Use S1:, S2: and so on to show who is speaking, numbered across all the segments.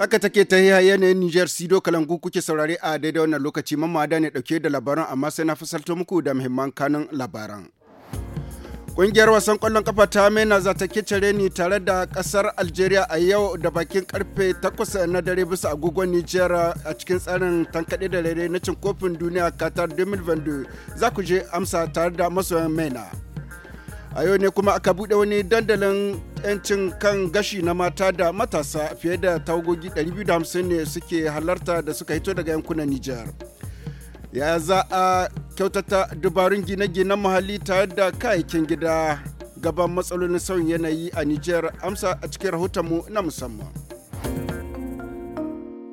S1: Haka take ta yanayin Nijar Sido Kalangu kuke saurare a daidai wannan lokaci mamada ne dauke da labaran amma sai na fasalto muku da muhimman kanun labaran. kungiyar wasan kwallon kafa ta mena za ta kicire ni tare da kasar Algeria a yau da bakin karfe 8 na dare bisa agogon Nijar a cikin tsarin tankaɗe da rere na cin kofin duniya Qatar 2022 za ku je amsa tare da masoyan mena. A yau ne kuma aka buɗe wani dandalin 'yancin kan gashi na mata da matasa fiye da tawagogi 250 ne suke halarta da suka hito daga yankunan Nijar. Ya za a kyautata dubarun gine-ginen muhalli tare da kayayyakin gida gaban matsalolin sauyin yanayi a Nijar amsa a cikin rahotonmu na musamman.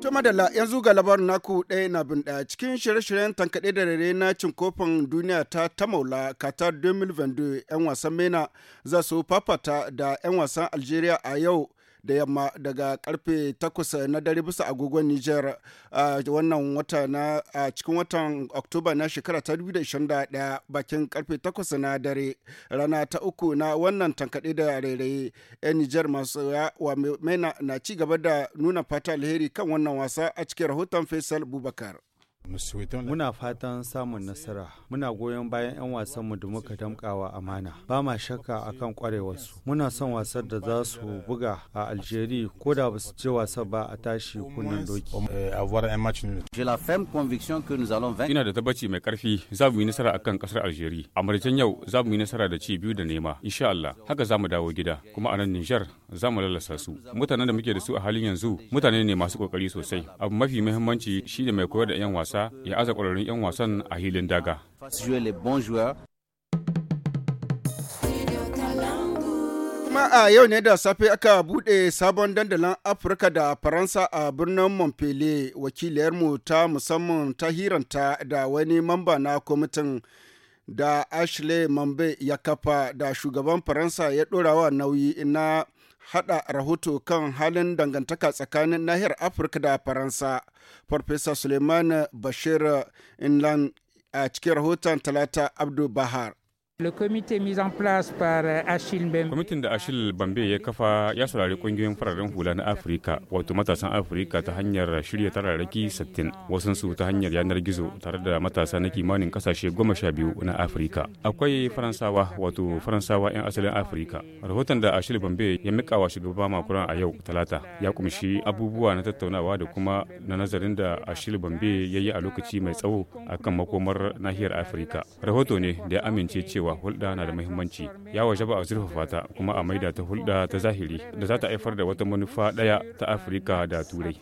S1: To madalla yanzu ga labarin naku ɗaya na bin ɗaya cikin shirye-shiryen tankaɗe da rere na cin kofin duniya ta ta maula Qatar 2022 'yan wasan MENA za su fafata da 'yan wasan Algeria a yau da yamma daga karfe 8 na dare bisa agogon Niger a wannan wata na a cikin watan Oktoba na shekara ta 2021 bakin karfe 8 na dare rana ta uku na wannan tankaɗe da rairaye 'yan Niger masu wa mena na ci gaba da nuna fata alheri kan wannan wasa a cikin rahoton Faisal Bubakar.
S2: Muna fatan samun nasara. Muna goyon bayan 'yan wasanmu da muka damkawa amana. Ba ma shakka akan kwarewarsu. Muna son wasan da za su buga a Algeria ko da ba su je wasan ba a tashi kunnen doki. Euh,
S3: Ina da tabbaci mai karfi za mu yi nasara akan kasar Algeria. A Mauritania yau za mu yi nasara da ci biyu da nema. Insha Allah. Haka za mu dawo gida. Kuma a nan Nijar za mu lalasa su. Mutanen da muke da su a halin yanzu mutane ne masu kokari sosai. Abu mafi muhimmanci shi da mai koyar da 'yan wasa wasa ya aza ƙwararrun 'yan wasan a hilin daga.
S1: kuma a yau ne da safe aka bude sabon dandalin afirka da faransa a birnin montpellier wakiliyarmu ta musamman ta hiranta da wani mamba na kwamitin da ashley mambe ya kafa da shugaban faransa ya dorawa nauyi na hada rahoto kan halin dangantaka tsakanin nahiyar Afirka da Faransa, Farfesa Suleiman Bashir Inland a cikin rahoton Talata Abdu Bahar.
S3: Euh, Kwamitin da Ashil Bambe ya kafa ya saurari kungiyoyin fararen hula na Afirka wato matasan Afirka ta hanyar shirya tararraki 60 su ta hanyar yanar gizo tare da matasa na kimanin kasashe goma sha biyu na Afirka. Akwai Faransawa wato Faransawa 'yan asalin Afirka. Rahoton da Ashil Bambe ya mika wa shugaba Makuran a yau Talata ya kumshi abubuwa na tattaunawa da kuma na nazarin da Ashil Bambe ya yi a lokaci mai tsawo akan makomar nahiyar Afirka. Rahoto ne da ya amince cewa cewa hulɗa na da muhimmanci ya waje ba a zurfafa ta kuma a maida ta hulɗa ta zahiri da za ta haifar da wata manufa ɗaya ta afirka da turai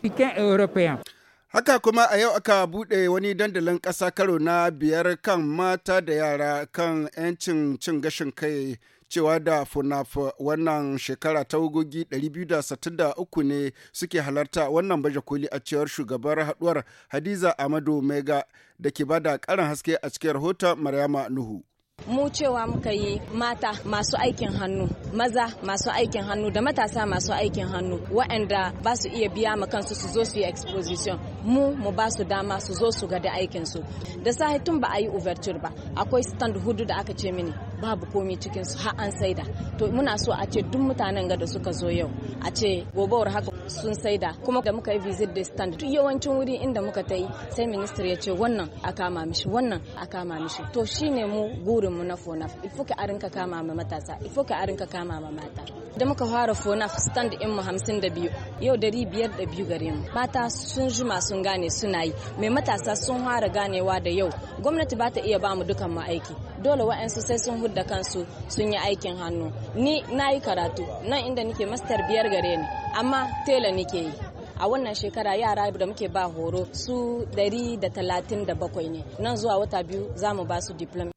S1: Haka kuma a yau aka buɗe wani dandalin ƙasa karo na biyar kan mata da yara kan 'yancin cin gashin kai cewa da funaf wannan shekara ta wugogi 263 ne suke halarta wannan baje koli a cewar shugabar haduwar hadiza amadu mega da ke bada karin haske a cikin rahoton maryama nuhu.
S4: mu cewa muka yi mata masu aikin hannu maza masu aikin hannu da matasa masu aikin hannu waɗanda ba su iya biya ma kansu su zo su yi exposition mu mu ba su dama su zo su gada da aikinsu da sahi tun ba a yi overture ba akwai stand hudu da aka ce mini babu komi cikin su har an saida to muna so a ce duk mutanen ga da suka zo yau a ce gobawar haka sun saida kuma da muka yi visit the stand duk yawancin wuri inda muka ta yi sai minister ya ce wannan a kama mishi wannan a kama mishi to shine mu gurin mu na fonaf ifuka a rinka kama ma matasa ifuka a rinka kama ma mata da muka fara fona stand in mu hamsin da biyu yau dari biyar da biyu gare mu mata sun jima sun gane suna yi mai matasa sun fara ganewa da yau gwamnati ba ta iya ba mu dukan mu aiki dole wa'ansu sai sun hudda kansu sun yi aikin hannu ni na yi karatu nan inda nike master biyar gare ni amma tela nike yi a wannan shekara yara da muke ba horo su 137 ne nan zuwa wata biyu za mu ba su diploma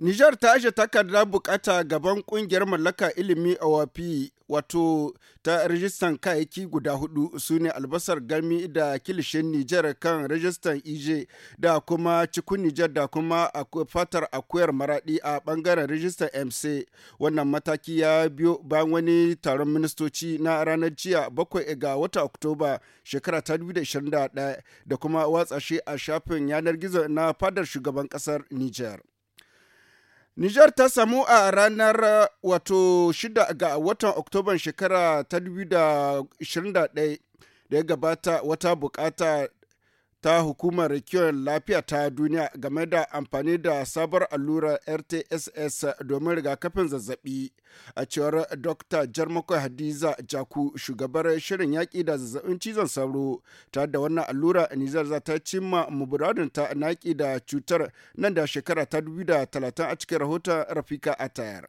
S1: Nijar ta aje takardar bukata gaban kungiyar mallaka ilimi a wafi wato ta rajistan kayayyaki guda hudu su ne albasar gami da kilishin Nijar kan rajistan ije da kuma cikin Nijar da kuma fatar akuyar maradi a bangaren rajistan MC. Wannan mataki ya biyo bayan wani taron ministoci na ranar jiya bakwai ga wata Oktoba shekara ta da kuma watsa a shafin yanar gizo na fadar shugaban kasar Nijar. Nijar ta samu a ranar wato 6 ga watan Oktoban shekara ta 2021 da ya gabata wata bukata ta hukumar kiwon lafiya ta duniya game da amfani da sabar allurar rtss domin rigakafin zazzabi a cewar dr jarmako hadiza jaku shugabar shirin yaƙi da zazzabin cizon sauro ta da wannan allura nizar za ta cimma muburadinta naƙi da cutar nan da shekara ta 2030 a cikin rahoton rafika a tayar.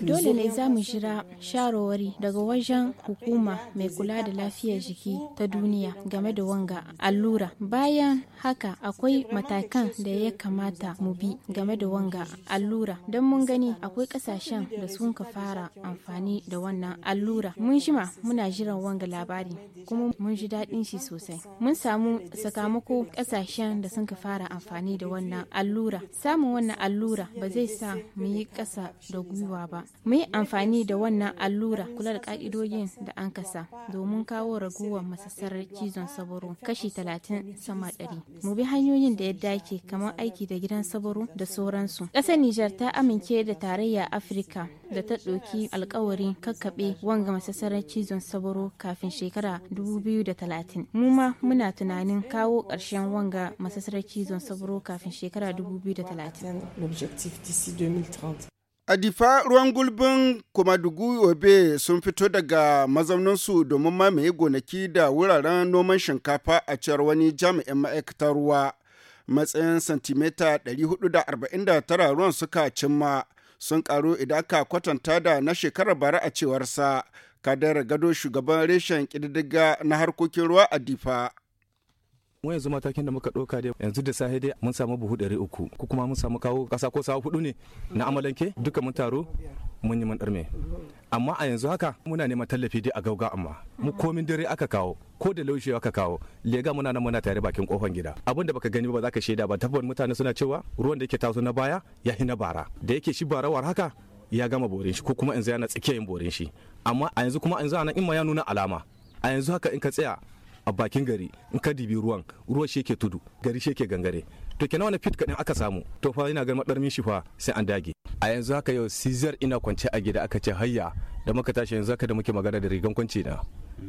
S1: Dole ne
S5: za mu jira sharawari daga wajen hukuma mai kula da lafiyar jiki ta duniya game da wanga allura. Bayan haka akwai matakan da ya kamata mu bi game da wanga allura don mun gani akwai kasashen da sun ka fara amfani da wannan allura. Mun shima muna jiran wanga labari kuma mun ji daɗin shi sosai. Mun samu sakamako kasashen da sun ka fara amfani da wannan allura. Samun wannan allura ba zai sa mu yi kasa da gwiwa ba mu amfani da wannan allura kula da ka'idojin da an kasa domin kawo raguwar masassarar cizon sabaro kashi talatin sama ɗari mu bi hanyoyin da ya dace kamar aiki da gidan sabaro da sauransu ƙasar nijar ta amince da tarayya afirka da ta ɗauki alkawarin kakkaɓe wanga masassarar cizon sabaro kafin shekara 2030 mu ma muna tunanin kawo ƙarshen wanga masassarar cizon sabaro kafin shekara
S1: 2030 Adifa ruwan gulbin Kumadugu Obe sun fito daga mazauninsu domin mamaye gonaki da wuraren noman shinkafa a cewar wani jami'in ma'aikatar ruwa. Matsayin santimeta 449 ruwan suka cimma sun karu idan aka kwatanta da na shekarar bara a cewarsa. Kadar gado shugaban reshen ƙididdiga na harkokin ruwa a Difa.
S3: mu yanzu matakin da muka ɗauka dai yanzu da safe dai mun samu buhu ɗari uku ko kuma mun samu kawo ƙasa ko sawa hudu ne na amalanke duka mun taro mun yi mun ɗarme amma a yanzu haka muna neman tallafi dai a gauga amma mu komin dare aka kawo ko da laushe aka kawo lega muna nan muna tare bakin kofan gida abin da baka gani ba za ka shaida ba tabbon mutane suna cewa ruwan da yake taso na baya ya hina bara da yake shi barawar haka ya gama borin shi ko kuma yanzu yana tsakiyar borin shi amma a yanzu kuma yanzu ana in ma ya nuna alama a yanzu haka in ka tsaya a bakin gari in ka dibi ruwan ruwan shi yake tudu gari shi yake gangare to kenan wani fit kaɗan aka samu to fa ina ganin madarmin shi fa sai an dage a yanzu haka yau sizar ina kwance a gida aka ce hayya da muka tashi yanzu haka da muke magana da rigan kwanci na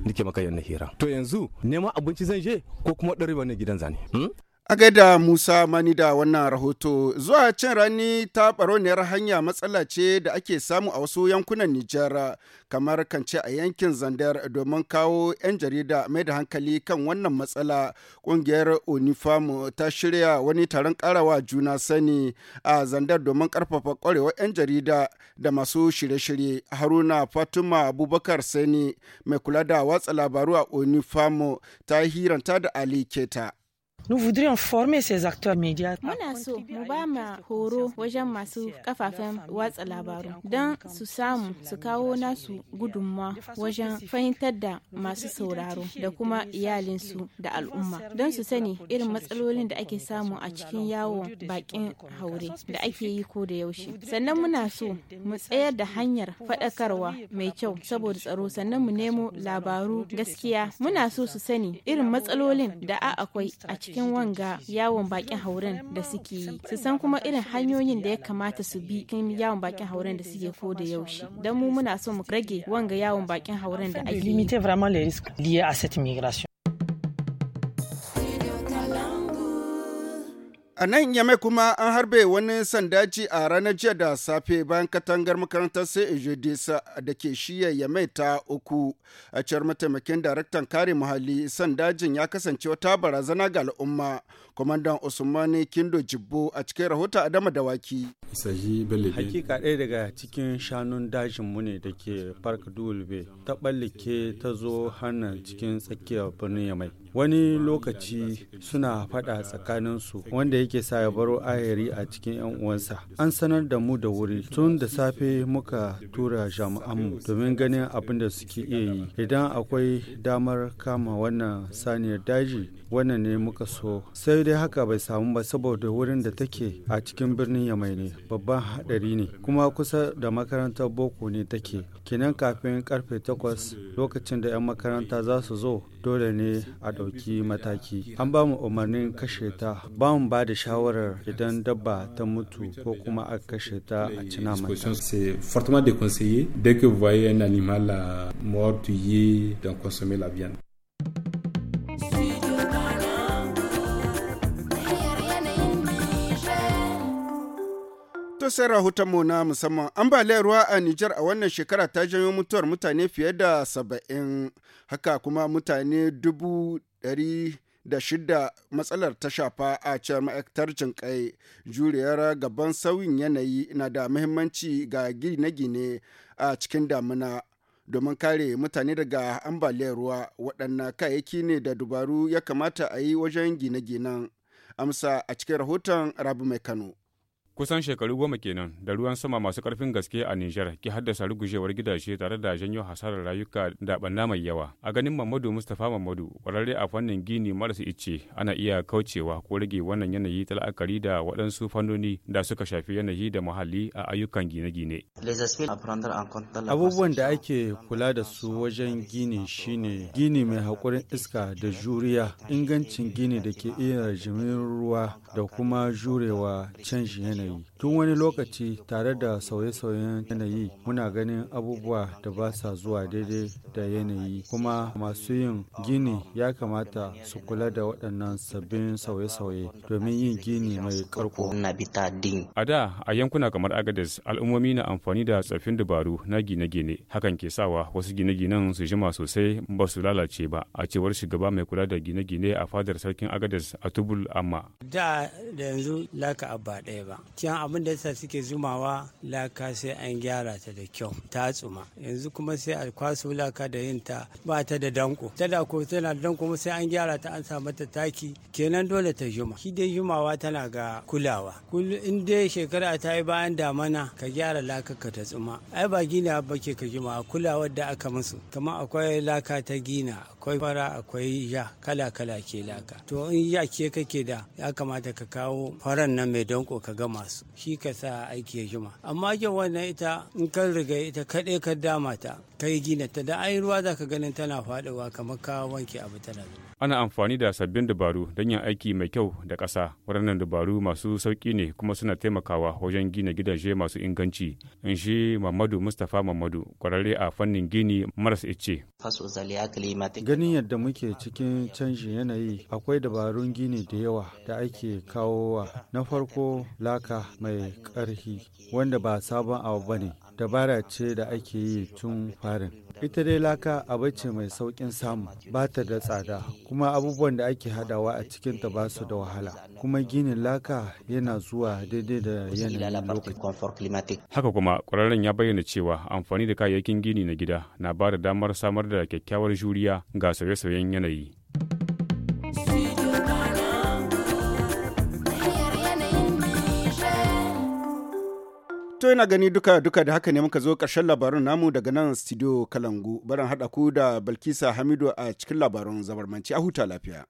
S3: nike maka yana hira to yanzu neman abinci zan
S1: je ko kuma ɗari na gidan zane hmm? A gaida Musa Mani da wannan rahoto zuwa cin rani ta ɓarauniyar hanya matsala ce da ake samu a wasu yankunan Nijar kamar kance a yankin Zandar domin kawo 'yan jarida mai da hankali kan wannan matsala. Ƙungiyar Unifam ta shirya wani taron ƙarawa juna sani a Zandar domin ƙarfafa ƙwarewar 'yan jarida da masu shirye-shirye. Haruna Fatima Abubakar Sani mai kula da watsa labaru a Unifam ta hiranta da Ali Keta. Muna
S5: so mu ba ma horo wajen masu kafafen watsa labaru don su samu su kawo nasu gudunmawa wajen fahimtar da masu sauraro da kuma iyalinsu da al'umma don su sani irin matsalolin da ake samu a cikin yawon bakin haure da ake yi ko da yaushe. Sannan muna so mu tsayar da hanyar faɗakarwa mai kyau saboda tsaro sannan mu nemo labaru gaskiya muna so su sani irin matsalolin da a akwai a cikin cikin wanga yawon bakin hauren da suke yi su san kuma irin hanyoyin da ya kamata su bi kan yawon bakin hauren da suke ko da yaushe don mu muna so mu rage wanga yawon bakin hauren da ake
S1: A nan Yame kuma an harbe wani sandaci a ranar jiya da safe bayan katangar makarantar CEJDS da ke shiya Yame ta uku. A cewar mataimakin daraktan kare muhalli sandajin ya kasance wata barazana ga al'umma. Kwamandan Usmani Kindo Jibbo a cikin rahoton Adama Dawaki. Hakika
S2: ɗaya daga cikin shanun dajin mu ne da ke Park Dulbe ta ɓallike ta zo hannun cikin tsakiyar birnin Yamai. wani lokaci suna faɗa tsakaninsu wanda yake sa ya baro ayari a cikin 'yan uwansa an sanar da mu da wuri tun da safe muka tura jami'anmu domin ganin abin da suke iya yi idan akwai damar kama wannan saniyar daji wannan ne muka so sai dai haka bai samu ba saboda wurin da take a cikin birnin yamai ne babban hadari ne kuma kusa da makarantar boko ne take kenan kafin karfe takwas lokacin da 'yan makaranta za su zo dole ne a ɗauki mataki an ba mu umarnin kashe ta ba mu ba da shawarar idan dabba ta mutu ko kuma a kashe ta a cina mata
S1: yanzu sai mu na musamman ambaliyar ruwa a Nijar a wannan shekara ta janyo mutuwar mutane fiye da saba'in haka kuma mutane dubu ɗari da shida matsalar ta shafa a cewar ma'aikatar jinƙai juriyar gaban sauyin yanayi na da muhimmanci ga gine-gine a cikin damuna domin kare mutane daga ambaliyar ruwa waɗanna kayayyaki ne da dubaru ya kamata a yi wajen gine-ginen amsa a cikin rahoton rabu mai kano
S3: Kusan shekaru goma kenan da ruwan sama masu karfin gaske a Nijar ke haddasa rugujewar gidaje tare da janyo hasarar rayuka da banna mai yawa. A ganin Mamadu Mustapha Mamadu, kwararre a fannin gini marasa icce ana iya kaucewa ko rage wannan yanayi ta la'akari da waɗansu fannoni da suka shafi yanayi da muhalli a ayyukan gine-gine.
S2: Abubuwan da ake kula da su
S3: wajen gini shine gini mai haƙurin iska da juriya,
S2: ingancin gini da ke iya jimin ruwa da kuma jurewa canjin yanayi. Tun wani lokaci tare da sauye-sauyen yanayi muna ganin abubuwa da ba sa zuwa daidai da yanayi kuma masu yin gini ya kamata su kula da waɗannan sabbin sauye-sauye domin yin gini mai karko.
S3: A da a yankuna kamar Agadez al'ummomi na amfani da tsaffin dabaru na gine-gine hakan ke sawa wasu gine-ginen su jima sosai ba su lalace ba a cewar shugaba mai kula da gine-gine a fadar sarkin Agadez a Tubul Amma.
S2: da yanzu laka abba ɗaya ba can abin da yasa suke zumawa laka sai an gyara ta da kyau ta tsuma yanzu kuma sai a kwaso laka da yin ta ba ta da danko ta da ko tana da danko sai an gyara ta an sa mata taki kenan dole ta juma shi dai jumawa tana ga kulawa in dai shekara ta yi bayan damana ka gyara laka ka ta tsuma ai ba gina ba ke ka juma kulawa da aka musu kamar akwai laka ta gina akwai fara akwai ja kala kala ke laka to in ya ke kake da ya kamata kamata ka kawo faran nan mai danko ka ga masu shi ka sa aiki ya jima amma jan wannan ita in ka riga ita kaɗai ka dama ta ka gina ta da ayi ruwa za ka ganin tana faɗuwa kamar ka wanke abu tana zuwa
S3: ana amfani da sabbin dabaru don yin aiki mai kyau da ƙasa waɗannan dabaru masu sauƙi ne kuma suna taimakawa wajen gina gidaje masu inganci in shi mamadu mustapha mamadu ƙwararre a fannin gini maras ice
S2: ganin yadda muke cikin canjin yanayi akwai dabarun gini da yawa da ake kawowa na farko laka mai ƙarfi wanda ba sabon abu bane dabara ce da ake yi tun farin Ita dai laka abu ce mai saukin samu, ba ta da tsada, kuma abubuwan da ake hadawa a cikin ta ba su da wahala. Kuma ginin laka yana zuwa daidai da
S3: yanayin
S1: lokaci.
S3: Haka kuma kwararren ya bayyana cewa amfani da kayayyakin gini na gida na ba da damar samar da kyakkyawar juriya ga sauye-sauyen yanayi.
S1: To yana gani duka duka da haka ne muka zo ƙarshen labarun namu daga nan studio Kalangu. Barin haɗa ku da Balkisa Hamidu a cikin labarun zabarmanci a huta lafiya.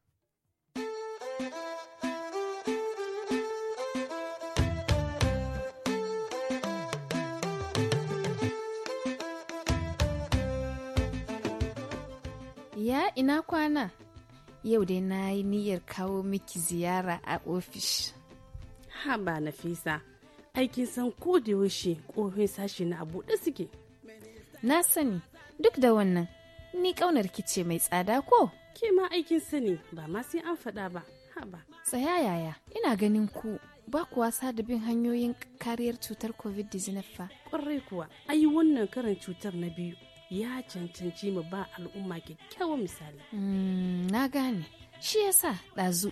S5: Ya ina kwana? Yau dai na
S6: yi niyyar kawo miki ziyara a ofis. na Nafisa. aikin san ko da yaushe kofin sashi na buɗe suke. Na sani
S5: duk da wannan ni ƙaunar kice mai tsada ko?
S6: Ke ma aikin sani ba ma sai an faɗa ba. Haba.
S5: Tsaya yaya ina ganin ku ba ku wasa da bin hanyoyin kariyar cutar covid-19 fa.
S6: Ƙwarai kuwa ayi wannan karin cutar na biyu ya cancanci mu ba al'umma kyakkyawan misali.
S5: Hmm, na gane shi yasa ɗazu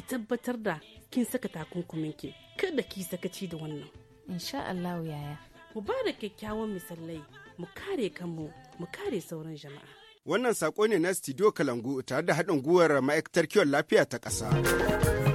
S6: ki tabbatar da kin saka takunkumin ki kada ki sakaci da wannan insha Allah yaya Ku ba da kyakkyawan misalai mu kare kanmu mu kare sauran jama'a
S1: wannan sako ne na studio kalangu tare da haɗin guwar ma'aikatar kiwon lafiya ta ƙasa.